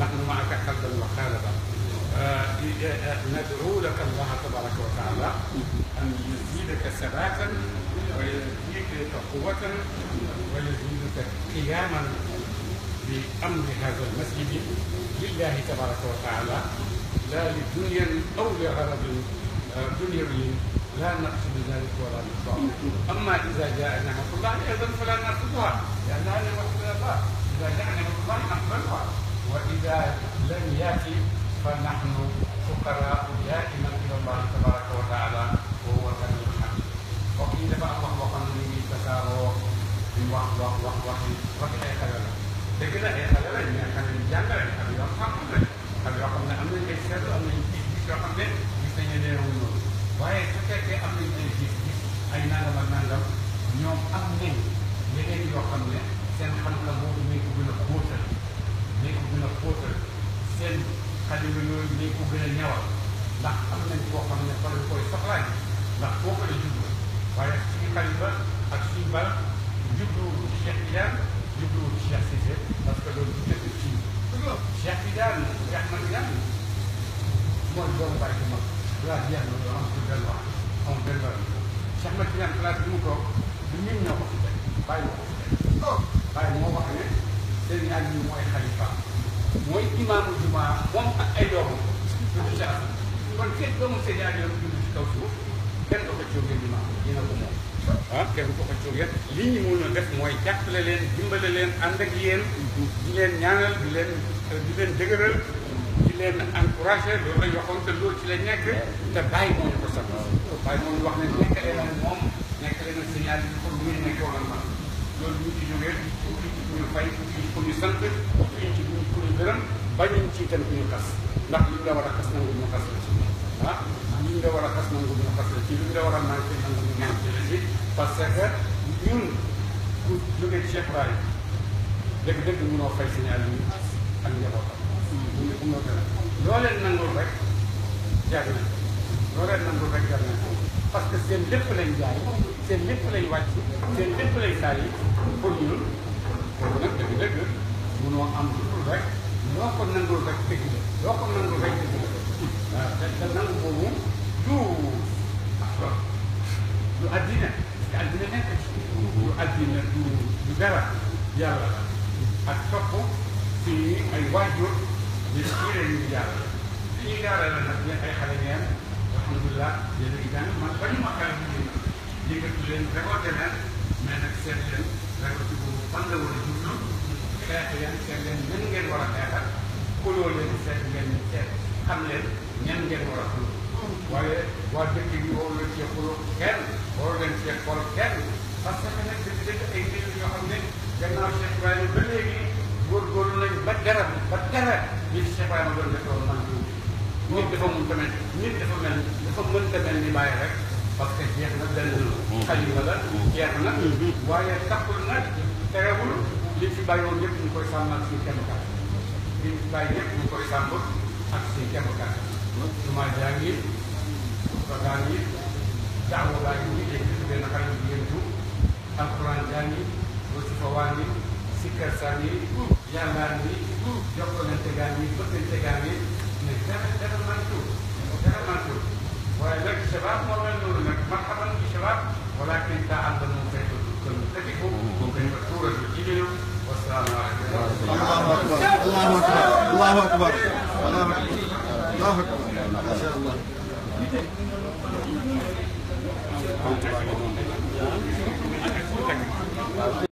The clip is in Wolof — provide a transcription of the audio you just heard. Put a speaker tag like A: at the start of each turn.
A: نحن معك خلفا وخالفا آه، آه، ندعو لك الله تبارك وتعالى ان يزيدك ثباتا ويزيدك قوه ويزيدك قياما بامر هذا المسجد لله تبارك وتعالى لا لدنيا او لغرض آه، دنيوي لا نقصد ذلك ولا نقصد اما اذا جاء نعمه الله ايضا فلا نرفضها لانها نعمه الله اذا جاء نعمه الله نقبلها وإذا لم يأتي فنحن فقراء دائما إلى الله تبارك وتعالى وهو الغني الحميد وقيل di wax wax wax wax waxi ay xale la dëgg la ay xale la mais xale yu jàng lañ xale yoo xam lañ xale yoo xam ne am nañ ay seetlu am nañ gis gis yoo xam ne gis nañu ne wu noonu waaye su fekkee am nañ ay gis gis ay nangam ak nangam ñoom am nañ yeneen yoo xam ne seen xam-xam dañ ko gën a xóotal seen xajulu yooyu dañ ko gën a ñawal ndax am nañ koo xam ne fan la koy soxlaaj ndax foo ko la jublu waaye suñu xalifa ak suñu bal jubluwul ci Cheikh Tidiane jubluwul ci Cheikh Cissé parce que loolu du tëgg ci Cheikh Tidiane Cheikh Tidiane mooy doomu bàyyi ko mag laa jeex na doo am pour delluwaat amul delluwaat Cheikh Tidiane mu toog du ñun ñoo ko fi teg bàyyi Serigne Aliou mooy xalifa mooy imaamu jumaa moom ak ay doomam lu du sax kon kenn doomu Serigne ah, li ñu mën mooy jàppale leen leen ànd ak yéen di leen ñaanal di leen di leen dëgëral di leen encouragé loolu lañ waxoon te loolu wax ne nekkale na moom nekkale na Serigne Aliou comme ni ñu nekkoon ak man loolu ñu ci jógee ku ñu sant ku ñu ci ku ñu gërëm bañuñ ci itam ku ñu xas ndax li ñu la war a xas nangu ñu xas la ci ah li ñu la war a xas nangu ñu xas la ci li ñu la war a manqué nangu ñu manqué la ci parce que ñun ku jógee ci Cheikh Baye dëgg-dëgg mënoo fay signal yi ak njabootam ñu ne mënoo gën loo leen nangul rek jaar nañ loo leen nangul rek jaar nañ parce que seen lépp lañ jaay seen lépp lañ wàcc seen lépp lañ saal yi pour ñun boobu nag dëgg munoo am dugub rek loo ko nangul rek dëgg la loo ko nangul rek dëgg la waaw te te nangu boobu du du addina te addina nekk du addina du du dara yàlla la ak topp ci ay waajur ñu kii la ñuy yàlla li ñuy yàlla la nag ñun ay xale ngeen alhamdulilah yéen a ngi jàng man ba ñu màkkal ñu yëngatu leen récolté leen mais nag seet leen récolte boobu fan la war a jublu xeex leen seet leen ñan ngeen war a xeexal xuloo leen seet ngeen seet xam leen ñan ngeen war a xuloo waaye waa dëkk bi waru leen cee xuloo kenn waru leen cee xool kenn parce que nag dëkk dëkk ay mbir yoo xam ne gannaaw Cheikh Ibrahima ba léegi góorgóorlu nañ ba dara ba dara li Cheikh Ibrahima doon defoo man nit dafa mun tamit nit dafa mel dafa mën ta mel ni bàyyi rek parce que jeex na benn mm-hmm. xalima la jeex na mm-hmm. waaye taxul nag terewul liñ fi bàyyi woon yëpp ñu koy sàmm ak suñu kéem kàttan liñ fi bàyyi yëpp ñu koy sàmm ak suñu kéem kàttan. jumaa jaa ngi bagaan yi daawu baa ngi ñu dégg ci benn xale bu yëntu alquran jaa ngi wasifa waa ngi sikkar saa ngi yàllaan ngi jokkalante gaa ngi bëggante gaa ngi mais dara dara mantul dara mantul waaye nag shabaab moo mel noonu nag marhaban bi shabaab walakin daa الله أكبر الله أكبر الله أكبر الله أكبر ما شاء الله Thank you.